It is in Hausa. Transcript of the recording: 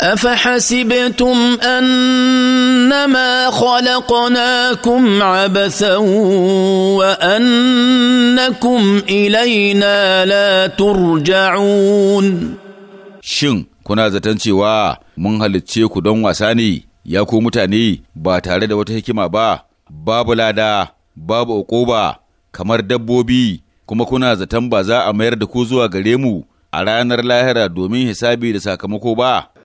افحسبتم انما خلقناكم عبثا وانكم الينا لا ترجعون shin kuna zaton cewa mun halicce ku don wasa ne ya ku mutane ba tare da wata hikima ba babu lada babu uquba kamar dabbobi kuma kuna zaton ba za a mayar da ku zuwa gare mu a ranar lahira domin hisabi da sakamako ba